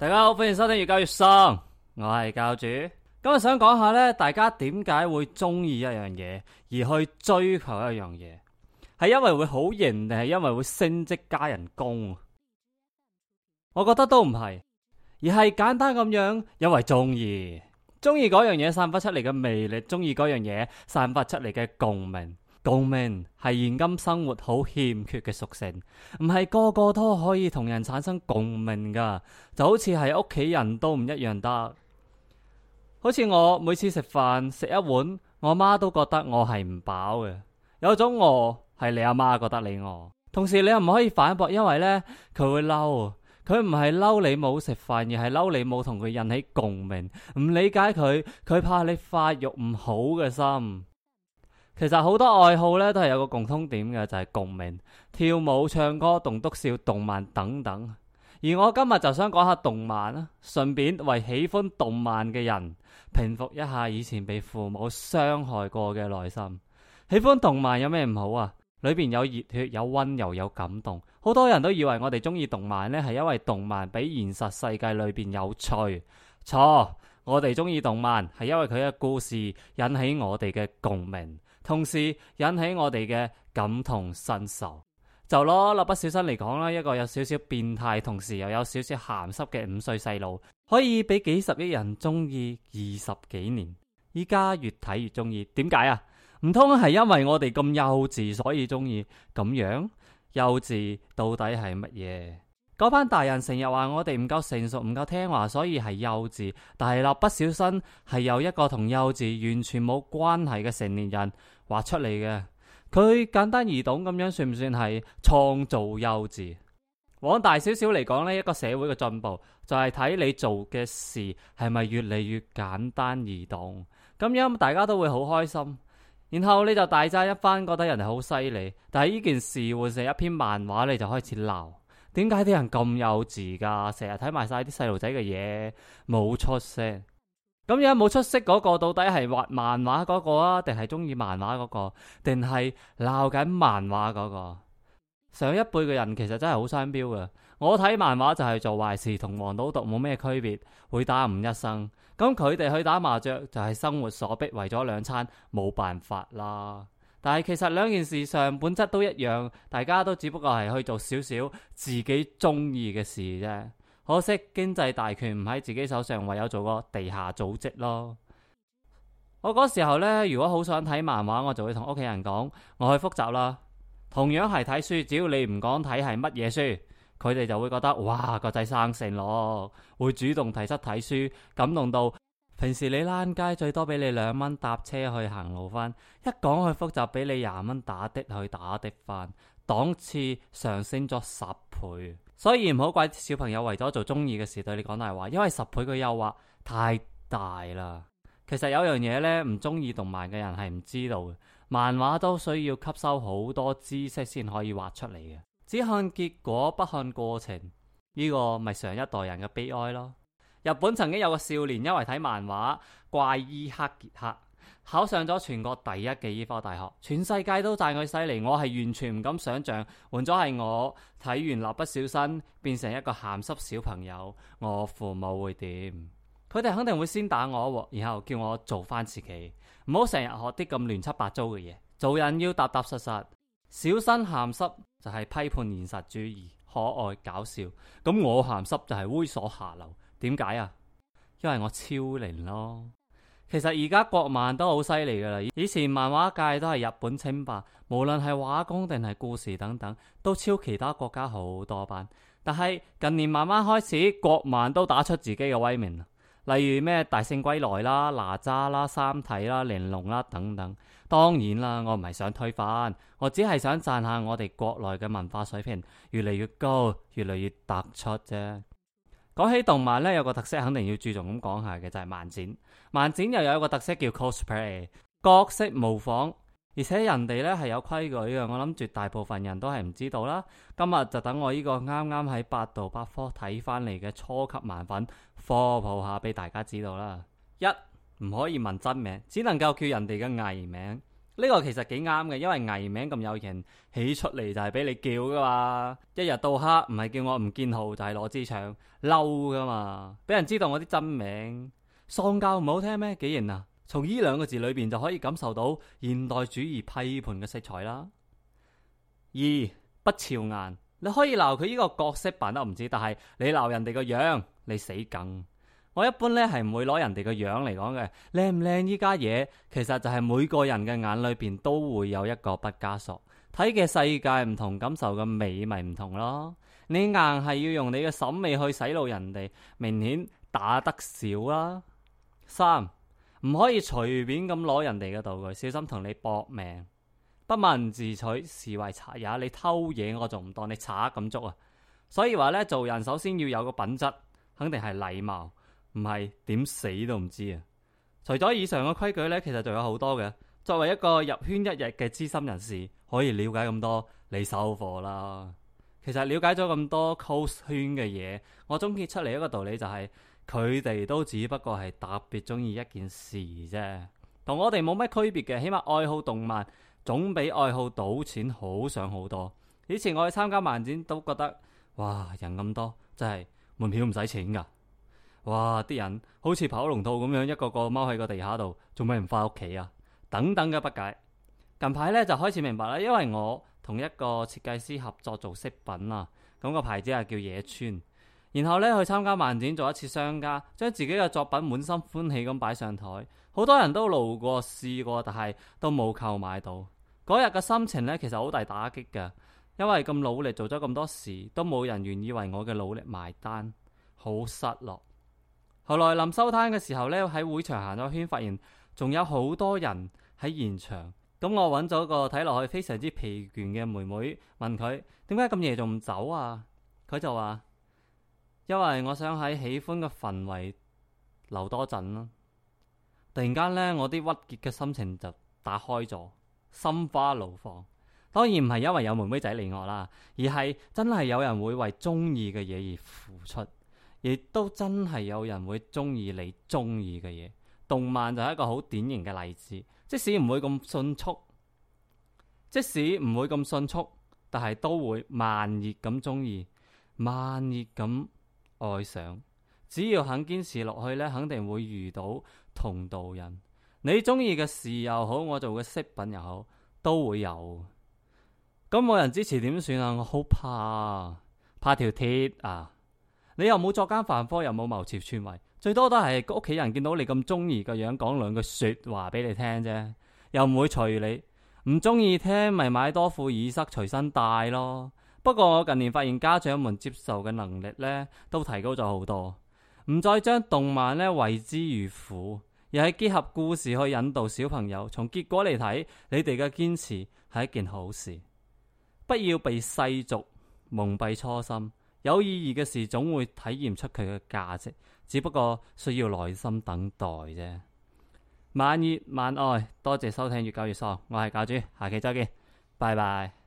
大家好，歡迎收聽粵教粵喪，我係教主。今日想講下咧，大家點解會中意一樣嘢而去追求一樣嘢，係因為會好型定係因為會升職加人工？我覺得都唔係，而係簡單咁樣因為中意，中意嗰樣嘢散發出嚟嘅魅力，中意嗰樣嘢散發出嚟嘅共鳴。共鳴係現今生活好欠缺嘅屬性，唔係個個都可以同人產生共鳴噶，就好似係屋企人都唔一樣得。好似我每次食飯食一碗，我媽都覺得我係唔飽嘅，有種餓係你阿媽覺得你餓，同時你又唔可以反駁，因為咧佢會嬲，佢唔係嬲你冇食飯，而係嬲你冇同佢引起共鳴，唔理解佢，佢怕你發育唔好嘅心。其實好多愛好咧都係有個共通點嘅，就係、是、共鳴。跳舞、唱歌、棟篤笑、動漫等等。而我今日就想講下動漫啦、啊，順便為喜歡動漫嘅人平復一下以前被父母傷害過嘅內心。喜歡動漫有咩唔好啊？裏邊有熱血、有温柔、有感動。好多人都以為我哋中意動漫咧係因為動漫比現實世界裏邊有趣。錯，我哋中意動漫係因為佢嘅故事引起我哋嘅共鳴。同時引起我哋嘅感同身受，就攞《蠟筆小新》嚟講啦，一個有少少變態，同時又有少少咸濕嘅五歲細路，可以俾幾十億人中意二十幾年，依家越睇越中意，點解啊？唔通係因為我哋咁幼稚所以中意咁樣？幼稚到底係乜嘢？嗰班大人成日話我哋唔夠成熟，唔夠聽話，所以係幼稚。但係蠟筆小新係由一個同幼稚完全冇關係嘅成年人畫出嚟嘅，佢簡單易懂咁樣，算唔算係創造幼稚？往大少少嚟講，呢一個社會嘅進步就係睇你做嘅事係咪越嚟越簡單易懂，咁樣大家都會好開心。然後你就大讚一番，覺得人哋好犀利。但係呢件事換成一篇漫畫，你就開始鬧。點解啲人咁幼稚噶？成日睇埋晒啲細路仔嘅嘢，冇出息。咁有冇出息嗰個到底係畫漫畫嗰個啊？定係中意漫畫嗰個？定係鬧緊漫畫嗰個？上一輩嘅人其實真係好雙標嘅。我睇漫畫就係做壞事，同黃賭毒冇咩區別，會耽誤一生。咁佢哋去打麻雀就係生活所逼，為咗兩餐，冇辦法啦。但係其實兩件事上本質都一樣，大家都只不過係去做少少自己中意嘅事啫。可惜經濟大權唔喺自己手上，唯有做個地下組織咯。我嗰時候呢，如果好想睇漫畫，我就會同屋企人講我去復習啦。同樣係睇書，只要你唔講睇係乜嘢書，佢哋就會覺得哇，個仔生性咯，會主動提出睇書，感動到。平時你攋街最多俾你兩蚊搭車去行路翻，一講去復習俾你廿蚊打的去打的翻，檔次上升咗十倍，所以唔好怪小朋友為咗做中意嘅事對你講大話，因為十倍嘅誘惑太大啦。其實有樣嘢咧，唔中意動漫嘅人係唔知道嘅，漫畫都需要吸收好多知識先可以畫出嚟嘅，只看結果不看過程，呢個咪上一代人嘅悲哀咯。日本曾經有個少年，因為睇漫畫《怪醫黑傑克》，考上咗全國第一嘅醫科大學，全世界都讚佢犀利。我係完全唔敢想象，換咗係我睇完《蠟筆小新》，變成一個鹹濕小朋友，我父母會點？佢哋肯定會先打我，然後叫我做翻自己，唔好成日學啲咁亂七八糟嘅嘢。做人要踏踏實實，小新鹹濕就係批判現實主義，可愛搞笑。咁我鹹濕就係猥瑣下流。點解啊？因為我超靈咯。其實而家國漫都好犀利噶啦。以前漫畫界都係日本稱霸，無論係畫工定係故事等等，都超其他國家好多班。但係近年慢慢開始，國漫都打出自己嘅威名啦。例如咩《大聖歸來》啦、哪吒啦、三體啦、玲瓏啦等等。當然啦，我唔係想推翻，我只係想讚下我哋國內嘅文化水平越嚟越高，越嚟越突出啫。講起動漫咧，有個特色肯定要注重咁講下嘅，就係漫展。漫展又有一個特色叫 cosplay，角色模仿，而且人哋咧係有規矩嘅。我諗絕大部分人都係唔知道啦。今日就等我呢個啱啱喺百度百科睇翻嚟嘅初級漫粉科普下俾大家知道啦。一，唔可以問真名，只能夠叫人哋嘅藝名。呢個其實幾啱嘅，因為藝名咁有型，起出嚟就係俾你叫噶嘛，一日到黑唔係叫我唔見號就係攞支槍嬲噶嘛，俾人知道我啲真名，喪教唔好聽咩？幾型啊！從呢兩個字裏邊就可以感受到現代主義批判嘅色彩啦。二不朝眼，你可以鬧佢呢個角色扮得唔似，但係你鬧人哋個樣，你死梗。我一般咧係唔會攞人哋個樣嚟講嘅靚唔靚。依家嘢其實就係每個人嘅眼裏邊都會有一個不加索。睇嘅世界唔同，感受嘅美咪唔同咯。你硬係要用你嘅審美去洗腦人哋，明顯打得少啦，啊。三唔可以隨便咁攞人哋嘅道具，小心同你搏命。不問自取是為賊也，你偷嘢我仲唔當你賊咁捉啊？所以話咧，做人首先要有個品質，肯定係禮貌。唔係點死都唔知啊！除咗以上嘅規矩呢，其實仲有好多嘅。作為一個入圈一日嘅資深人士，可以了解咁多，你收貨啦。其實了解咗咁多 cos 圈嘅嘢，我總結出嚟一個道理就係，佢哋都只不過係特別中意一件事啫，同我哋冇乜區別嘅。起碼愛好動漫總比愛好賭錢好上好多。以前我去參加漫展都覺得，哇，人咁多，真係門票唔使錢噶。哇！啲人好似跑龍套咁樣，一個個踎喺個地下度，做咩唔翻屋企啊？等等嘅不解。近排咧就開始明白啦，因為我同一個設計師合作做飾品啊，咁、個牌子係叫野川。然後咧去參加漫展做一次商家，將自己嘅作品滿心歡喜咁擺上台，好多人都路過試過，但係都冇購買到。嗰日嘅心情咧，其實好大打擊嘅，因為咁努力做咗咁多事，都冇人願意為我嘅努力埋單，好失落。後來臨收攤嘅時候呢，喺會場行咗圈，發現仲有好多人喺現場。咁我揾咗個睇落去非常之疲倦嘅妹妹，問佢點解咁夜仲唔走啊？佢就話：因為我想喺喜歡嘅氛圍留多陣啦。突然間呢，我啲鬱結嘅心情就打開咗，心花怒放。當然唔係因為有妹妹仔理我啦，而係真係有人會為中意嘅嘢而付出。亦都真係有人會中意你中意嘅嘢，動漫就係一個好典型嘅例子。即使唔會咁迅速，即使唔會咁迅速，但係都會慢熱咁中意，慢熱咁愛上。只要肯堅持落去咧，肯定會遇到同道人。你中意嘅事又好，我做嘅飾品又好，都會有。咁冇人支持點算啊？我好怕，怕條鐵啊！你又冇作奸犯科，又冇謀朝篡位，最多都係屋企人見到你咁中二個樣，講兩句說話俾你聽啫，又唔會錘你，唔中意聽，咪買多副耳塞隨身帶咯。不過我近年發現，家長們接受嘅能力咧都提高咗好多，唔再將動漫咧畏之如虎，而係結合故事去引導小朋友。從結果嚟睇，你哋嘅堅持係一件好事。不要被世俗蒙蔽初心。有意義嘅事總會體現出佢嘅價值，只不過需要耐心等待啫。漫熱漫愛，多謝收聽《粵教粵喪》，我係教主，下期再見，拜拜。